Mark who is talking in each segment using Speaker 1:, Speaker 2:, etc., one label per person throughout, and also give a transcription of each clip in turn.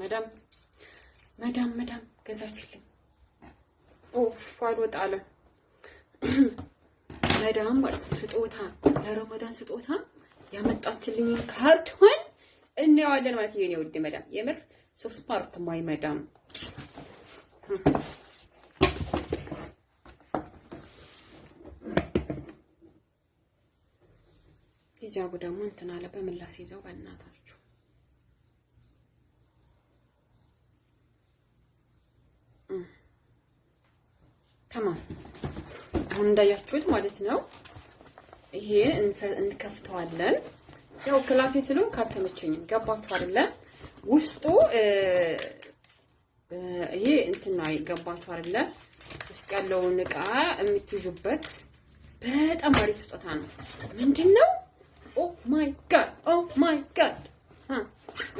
Speaker 1: መዳም መዳም መዳም ገዛችልኝ። ኦፍ አልወጣ አለ መዳም ማለት ስጦታ ለረመዳን ስጦታ ያመጣችልኝ ካርቶን እናየዋለን ማለት የኔ ውድ መዳም የምር ሶስት ፓርት ማይ መዳም ሂጃቡ ደግሞ እንትን አለ በምላስ ይዘው በእናታችሁ አሁን እንዳያችሁት ማለት ነው። ይሄ እንከፍተዋለን። ያው ክላሴ ስለው ካልተመቸኝም ገባችሁ አይደለ? ውስጡ ይሄ እንትን ነው ገባችሁ አይደለ? ውስጥ ያለውን እቃ የምትይዙበት በጣም አሪፍ ስጦታ ነው። ምንድን ነው? ኦ ማይ ጋድ ኦ ማይ ጋድ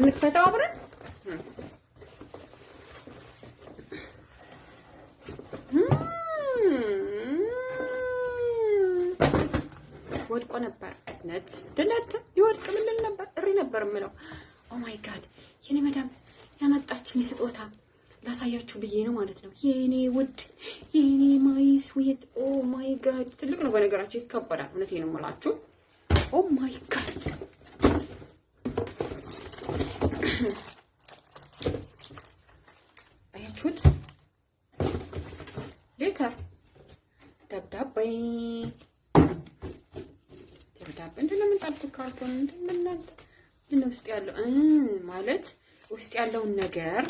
Speaker 1: እንክፈተው አብረን ወድቆ ነበር። ነት ድነት ይወድቅ ምንል ነበር እሪ ነበር የምለው። ኦ ማይ ጋድ የኔ መዳም ያመጣችን ስጦታ ላሳያችሁ ብዬ ነው ማለት ነው። የኔ ውድ የኔ ማይ ስዊት ኦ ማይ ጋድ ትልቅ ነው በነገራችሁ፣ ይከበዳል። እውነት ነው የምላችሁ። ኦ ማይ ጋድ አያችሁት? ሌተር ደብዳቤ እንዴ ምንድነው የምንጠብቅ ካርቶን ምን ውስጥ ያለው ማለት ውስጥ ያለውን ነገር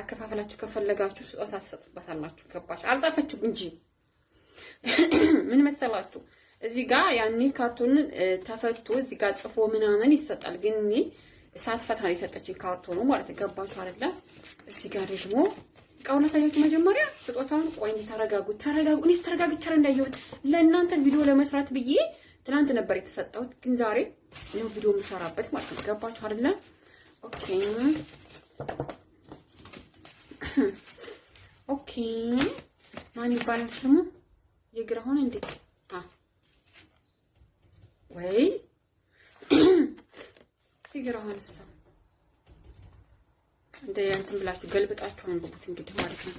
Speaker 1: አከፋፈላችሁ ከፈለጋችሁ ስጦታ ትሰጡበታላችሁ። ገባች አልጻፈችሁ እንጂ ምን መሰላችሁ እዚህ ጋር ያኔ ካርቶንን ተፈቶ እዚህ ጋር ጽፎ ምናምን ይሰጣል። ግን እኔ እሳት ፈታ ነው የሰጠችኝ ካርቶኑ ማለት ገባችሁ አይደለ? እዚህ ጋር ደግሞ እቃውን ላሳያችሁ መጀመሪያ ስጦታውን። ቆይ ተረጋጉ፣ ተረጋጉ። እኔስ ተረጋግቻለሁ እንዳየሁት ለእናንተ ቪዲዮ ለመስራት ብዬ ትናንት ነበር የተሰጠሁት፣ ግን ዛሬ ነው ቪዲዮ የምሰራበት ማለት ነው። ገባችሁ አይደለ? ኦኬ ኦኬ። ማን ይባላል ስሙ? የግራ ሆነ እንዴ? አ ወይ የግራ ሆነ ሰው እንደ እንትን ብላችሁ ገልብጣችሁ አንብቡት እንግዲህ ማለት ነው።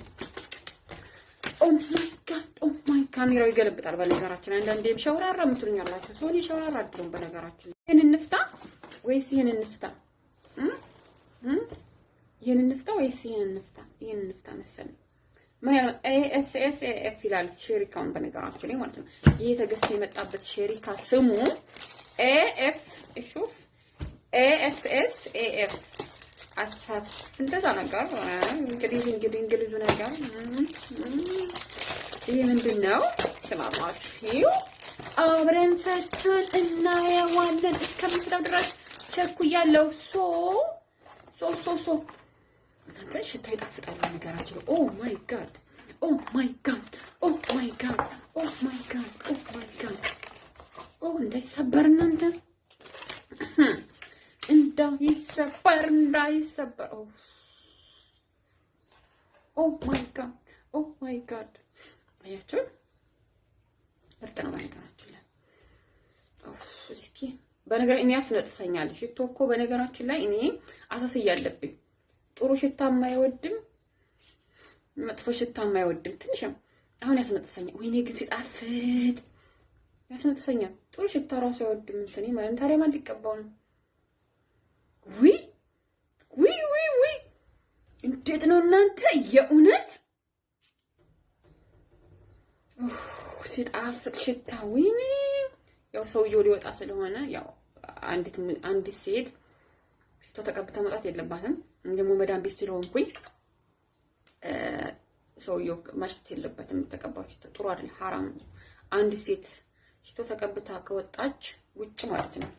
Speaker 1: ኦ ማይ ጋድ ኦ ካሜራው ይገለብጣል። በነገራችን አንዳንዴም ሸውራራ የምትሉኝ አላችሁ። ሸውራራ አድሮም በነገራችን ይህን እንፍታ ወይስ ይህን እንፍታ? ይህን እንፍታ ወይስ ይህን እንፍታ? ይህን እንፍታ መሰለኝ። ኤኤስኤስኤፍ ይላል ሼሪካውን በነገራችን ላይ ማለት ነው። ይህ ተገዝቶ የመጣበት ሼሪካ ስሙ ኤኤፍ እሹፍ ኤኤስኤስኤፍ አሳፍ እንደዛ ነገር እንግዲህ እንግዲህ እንግሊዙ ነገር ምንድን ነው ትላላችሁ? አብረን ፈትን እናየዋለን። እስከምትለው ድረስ ቸኩያለሁ። ሶ ሶ ሶ ሶ እናንተ ሽታ ይጣፍጣል። ነገራችሁ ኦ ማይ ጋድ ኦ ማይ ጋድ ኦ ማይ ጋድ ኦ ማይ ጋድ ኦ ማይ ጋድ ኦ እንዳይሰበር እናንተ እንዳይሰበር እንዳይሰበር ኦ ማይ ጋድ ኦ ማይ ጋድ አያችሁ፣ እርጥ ነው በነገራችን ላይ እስኪ በነገር እኔ ያስለጥሰኛል ሽቶ እኮ በነገራችን ላይ እኔ አሰስ እያለብኝ ጥሩ ሽታ የማይወድም መጥፎ ሽታ የማይወድም ነው አሁን ያስነጥሰኛል። ወይኔ ግን ሲጣፍጥ ያስነጥሰኛል። ጥሩ ሽታ ራሱ አይወድም እንትን ማለት ታዲያ ማን ሊቀባው ነው? ዊ ዊ ዊ ዊ እንዴት ነው እናንተ የእውነት ሲጣፍጥ ሽታ ወይኔ! ያው ሰውየው ሊወጣ ስለሆነ ያው አንዲት አንዲት ሴት ሽቶ ተቀብታ መውጣት የለባትም። ደግሞ መዳም ቤት ስለሆንኩኝ ሰውየው ማሽተት የለበትም። ተቀባው ሽቶ ጥሩ አይደለም፣ ሐራም ነው። አንዲት ሴት ሽቶ ተቀብታ ከወጣች ውጭ ማለት ነው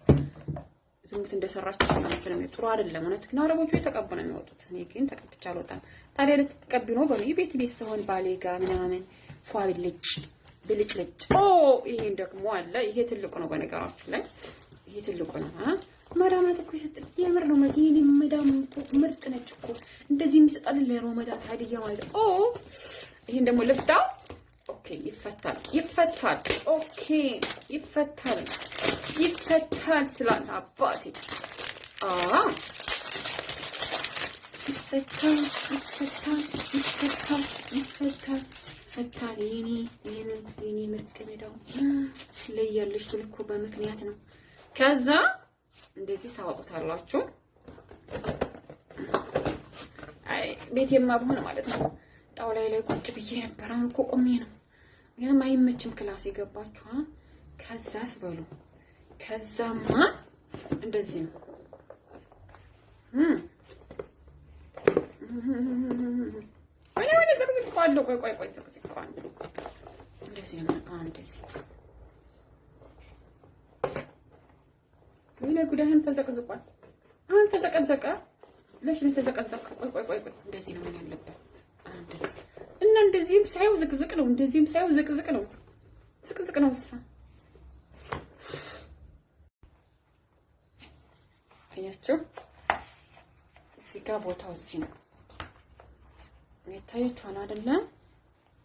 Speaker 1: ዝሙት እንደሰራች ማለት ነው። ጥሩ አይደለም። እውነት ግን አረቦቹ የተቀቡ ነው የሚወጡት። እኔ ግን ተቀብቻ አልወጣም። ታዲያ ልትቀቢ ነው በኔ ቤት ቤት ስሆን ባሌ ጋር ምናምን ፏ ብልጭ ብልጭ ልጭ። ኦ ይሄን ደግሞ አለ። ይሄ ትልቁ ነው። በነገራችን ላይ ይሄ ትልቁ ነው። መዳማት እኮ ይሰጥ የምር ነው። ይሄን መዳም እኮ ምርጥ ነች እኮ እንደዚህ የሚሰጣል ለሮመዳን ታዲያ ማለት ኦ ይሄን ደግሞ ልፍታ። ኦኬ ይፈታል፣ ይፈታል። ኦኬ ይፈታል፣ ይፈታል ትላል አባቴ። አ ይፈታል፣ ይፈታል፣ ይፈታል፣ ይፈታል ፈታል የኔ የኔ ምርጥ ሜዳው ለያለሽ ስልኮ በምክንያት ነው። ከዛ እንደዚህ ታወጡታላችሁ። አይ ቤቴማ የማብሆን ማለት ነው ጣውላ ላይ ቁጭ ብዬ ነበር። አሁን እኮ ቆሜ ነው፣ ምክንያቱም አይመችም ክላስ የገባችኋ። ከዛስ በሉ ከዛማ እንደዚህ ነው ወይኔ ወይኔ ዘቅዝቅ አለው። ቆይ ቆይ ቆይ ዘቅዝቅ አለው። እንደዚህ ነው እንደዚህ። ወይኔ ጉዳህን ተዘቅዝቋል። አሁን ተዘቀዘቀ። ለሽን ተዘቀዘቀ። ቆይ ቆይ ቆይ ቆይ እንደዚህ ነው ያለበት። እና እንደዚህም ሳይው ዝቅዝቅ ነው። እንደዚህም ሳይው ዝቅዝቅ ነው። ዝቅዝቅ ነው። እሳ አያችሁ እዚህ ጋር ቦታው እዚህ ነው። ታይቷን አይደለ?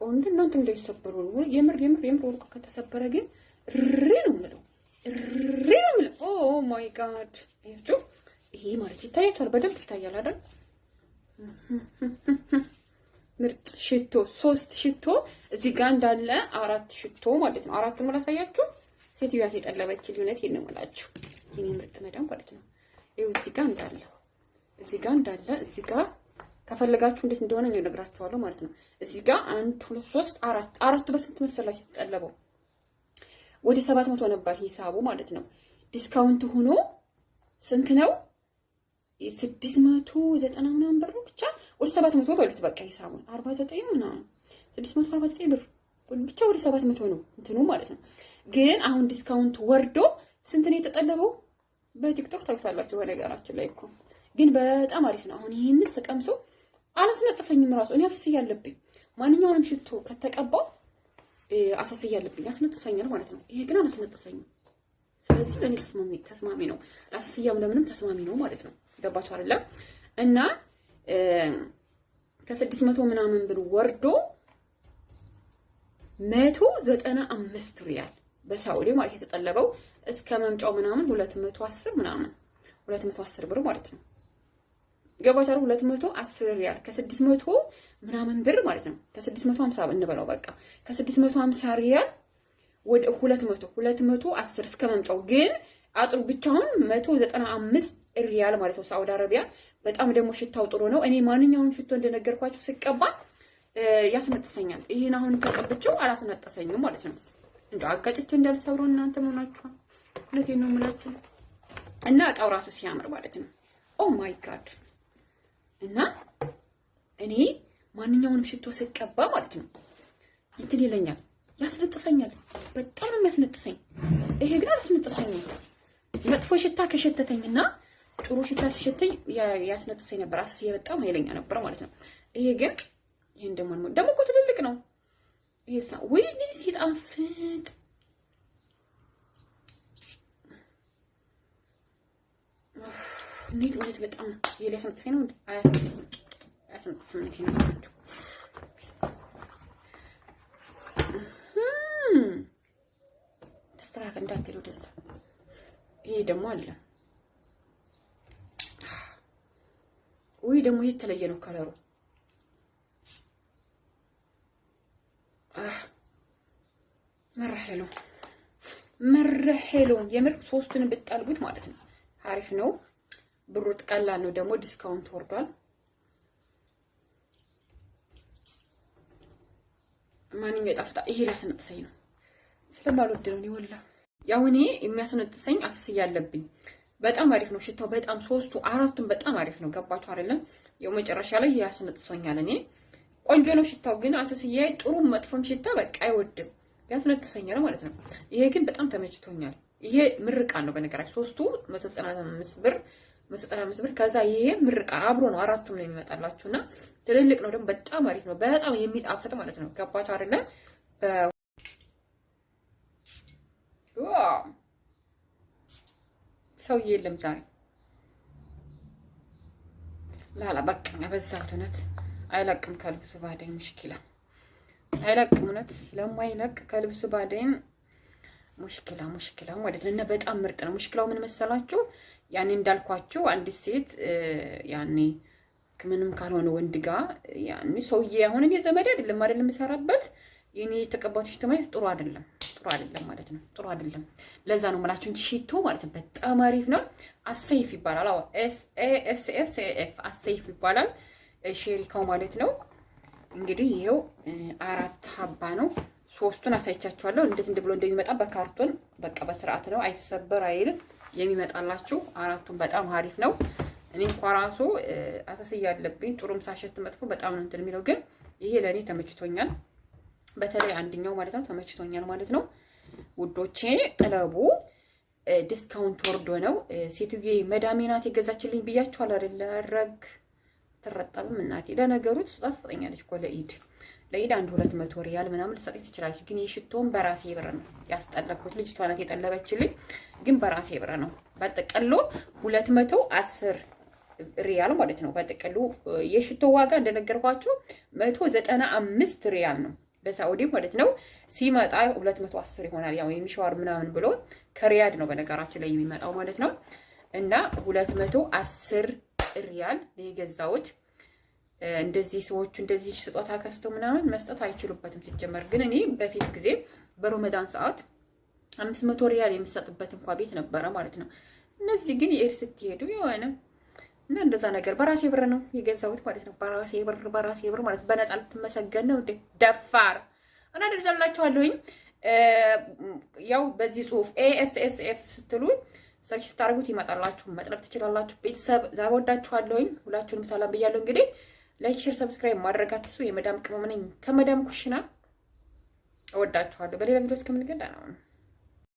Speaker 1: ወንድ እናንተ እንዳይሰበሩ የምር የምር የምር ወርቁ ከተሰበረ ግን ሪ ነው የምለው፣ ሪ ነው የምለው። ኦ ማይ ጋድ! አያችሁ፣ ይሄ ማለት ይታያችኋል፣ በደንብ ይታያል አይደል? ምርጥ ሽቶ ሶስት ሽቶ እዚህ ጋር እንዳለ አራት ሽቶ ማለት ነው። አራቱ ሙላ ሳያችሁ ሴትዮዋት የጠለበች ልዩነት ይሄን ነው የምላችሁ። ይሄን ምርጥ መዳም ማለት ነው። ይኸው እዚህ ጋር እንዳለ እዚህ ጋር እንዳለ እዚህ ጋር ከፈለጋችሁ እንዴት እንደሆነ እኔ እነግራችኋለሁ ማለት ነው። እዚህ ጋር አንድ ሁለት ሶስት አራት አራቱ በስንት መሰላችሁ የተጠለበው? ወደ ሰባት መቶ ነበር ሂሳቡ ማለት ነው። ዲስካውንት ሆኖ ስንት ነው? ስድስት መቶ ዘጠና ምናምን ብር ነው። ብቻ ወደ ሰባት መቶ በሉት በቃ ሂሳቡን አርባ ዘጠኝ ምናምን ስድስት መቶ አርባ ዘጠኝ ብር ብቻ ወደ ሰባት መቶ ነው እንትኑ ማለት ነው። ግን አሁን ዲስካውንት ወርዶ ስንት ነው የተጠለበው? በቲክቶክ ታዩታላችሁ። በነገራችን ላይ እኮ ግን በጣም አሪፍ ነው። አሁን ይህንስ ተቀምሰው አላስነጠሰኝም ራሱ እኔ አስስ እያለብኝ ማንኛውንም ሽቶ ከተቀባው አሳስ እያለብኝ ያስነጥሰኛል ማለት ነው። ይሄ ግን አላስነጠሰኝም። ስለዚህ ለእኔ ተስማሚ ነው። ለአሳስያም ለምንም ተስማሚ ነው ማለት ነው። ገባችሁ አይደለም? እና ከስድስት መቶ ምናምን ብር ወርዶ መቶ ዘጠና አምስት ሪያል በሳውዲ ማለት የተጠለበው እስከ መምጫው ምናምን ሁለት መቶ አስር ምናምን ሁለት መቶ አስር ብር ማለት ነው። ገባች አለ ሁለት መቶ አስር ሪያል ከስድስት መቶ ምናምን ብር ማለት ነው። ከስድስት መቶ ሀምሳ እንበለው በቃ ከስድስት መቶ ሀምሳ ሪያል ወደ ሁለት መቶ ሁለት መቶ አስር እስከ መምጫው ግን አጥሩ ብቻውን መቶ ዘጠና አምስት ሪያል ማለት ነው። ሳዑዲ አረቢያ በጣም ደግሞ ሽታው ጥሩ ነው። እኔ ማንኛውን ሽቶ እንደነገርኳችሁ ስቀባ ያስነጥሰኛል። ይህን አሁን ተቀብቼው አላስነጠሰኝም ማለት ነው። እንደ አጋጭቼ እንዳልሰብሮ እናንተ መሆናችኋል። እውነቴን ነው የምላችሁ እና እቃው ራሱ ሲያምር ማለት ነው። ኦ ማይ ጋድ እና እኔ ማንኛውንም ሽቶ ስቀባ ማለት ነው እንትን ይለኛል፣ ያስነጥሰኛል። በጣም ነው የሚያስነጥሰኝ። ይሄ ግን አላስነጥሰኝም። መጥፎ ሽታ እና ጥሩ ሽታ ሲሸተኝ ያስነጥሰኝ ነበር። አስስ በጣም ኃይለኛ ነበር ማለት ነው። ይሄ ግን ይሄን ደግሞ ደግሞ እኮ ትልልቅ ነው። ይሄ ወይኔ ሲጣፍጥ እንዴት እውነት በጣም ነው። ነው ተስተካከል እንዳትሄዱ ደስታ። ይሄ ደግሞ አለ። ውይ ደግሞ የተለየ ነው ከለሩ የምር ሶስቱን ብጣልጉት ማለት ነው አሪፍ ነው። ብሩ ቀላል ነው ደግሞ ዲስካውንት ወርዷል። ማንኛው የጣፍጣ ይሄ ላስነጥሰኝ ነው ስለማልወድ ነው ይወላ ያው እኔ የሚያስነጥሰኝ አስስ ያለብኝ በጣም አሪፍ ነው ሽታው በጣም ሶስቱ አራቱም በጣም አሪፍ ነው። ገባችሁ አይደለም? ያው መጨረሻ ላይ ያስነጥሶኛል። እኔ ቆንጆ ነው ሽታው ግን አስስዬ ጥሩ መጥፎም ሽታ በቃ አይወድም ያስነጥሰኛል ማለት ነው። ይሄ ግን በጣም ተመችቶኛል። ይሄ ምርቃን ነው በነገራችን ሶስቱ 195 ብር መቶ ዘጠና አምስት ብር ከዛ ይሄ ምርቃ አብሮ ነው። አራቱም ነው የሚመጣላችሁ እና ትልልቅ ነው ደግሞ በጣም አሪፍ ነው። በጣም የሚጣፍጥ ማለት ነው። ገባችሁ አይደለ? ሰውዬ የለም ዛሬ ላላ በቃ በዛት እውነት አይለቅም ከልብሱ ባደኝ ሙሽኪላ አይለቅም። እውነት ስለማይለቅ ከልብሱ ባደኝ ሙሽኪላ ሙሽኪላ ማለት ነው እና በጣም ምርጥ ነው። ሙሽኪላው ምን መሰላችሁ? ያኔ እንዳልኳቸው አንዲት ሴት ያኔ ምንም ካልሆነ ወንድ ጋር ያኔ ሰውዬ አሁን እኔ ዘመድ አይደለም አይደለም የምሰራበት የኔ የተቀባቶች ተማኝ ጥሩ አይደለም፣ ጥሩ አይደለም ማለት ነው። ጥሩ አይደለም። ለዛ ነው የምላችሁ እንጂ ሽቶ ማለት ነው በጣም አሪፍ ነው። አሰይፍ ይባላል። አዎ ኤስ ኤ ኤስ ኤስ ኤፍ አሰይፍ ይባላል። ሼሪካው ማለት ነው። እንግዲህ ይሄው አራት ሀባ ነው። ሶስቱን አሳይቻችኋለሁ እንዴት እንደ ብሎ እንደሚመጣ በካርቶን በቃ በስርዓት ነው። አይሰበር አይልም። የሚመጣላችሁ። አራቱም በጣም አሪፍ ነው። እኔ እንኳ ራሱ አሰስ ያለብኝ ጥሩም ሳሸት መጥፎ በጣም ነው እንትን የሚለው ግን ይሄ ለእኔ ተመችቶኛል። በተለይ አንደኛው ማለት ነው ተመችቶኛል ማለት ነው ውዶቼ። ጥለቡ ዲስካውንት ወርዶ ነው። ሴትዬ መዳሜ ናት የገዛችልኝ ብያችኋል አይደለ? ረግ ትረጠብም እናቴ። ለነገሩ ስጣት ትሰጠኛለች እኮ ለኢድ ለኢድ አንድ ሁለት መቶ ሪያል ምናምን ልሰጠኝ ትችላለች። ግን የሽቶን በራሴ ብር ነው ያስጠለብኩት። ልጅቷ ናት የጠለበችልኝ፣ ግን በራሴ ብር ነው። በጥቅሉ ሁለት መቶ አስር ሪያል ማለት ነው። በጥቅሉ የሽቶ ዋጋ እንደነገርኳችሁ መቶ ዘጠና አምስት ሪያል ነው በሳዑዲ ማለት ነው። ሲመጣ ሁለት መቶ አስር ይሆናል። ያው የሚሸዋር ምናምን ብሎ ከሪያድ ነው በነገራችን ላይ የሚመጣው ማለት ነው። እና ሁለት መቶ አስር ሪያል የገዛሁት እንደዚህ ሰዎቹ እንደዚህ ስጦታ ከስተው ምናምን መስጠት አይችሉበትም። ሲጀመር ግን እኔ በፊት ጊዜ በሮመዳን ሰዓት አምስት መቶ ሪያል የምሰጥበት እንኳ ቤት ነበረ ማለት ነው። እነዚህ ግን የኤድ ስትሄዱ የሆነ እና እንደዛ ነገር በራሴ ብር ነው የገዛሁት ማለት ነው። በራሴ ብር በራሴ ብር ማለት በነፃ ልትመሰገን ነው እንዴ ደፋር እና ደርዛላችኋለሁኝ። ያው በዚህ ጽሁፍ ኤኤስኤስኤፍ ስትሉ ሰርች ስታደርጉት ይመጣላችሁ፣ መጥለብ ትችላላችሁ። ቤተሰብ ዛሬ ወዳችኋለሁኝ። ሁላችሁንም ሰላም ብያለሁ እንግዲህ ላይክ፣ ሼር፣ ሰብስክራይብ ማድረግ አትርሱ። የመዳም ቅመም ነኝ ከመዳም ኩሽና። እወዳችኋለሁ። በሌላ ቪዲዮ እስከምንገናኝ ደህና ሁኑ።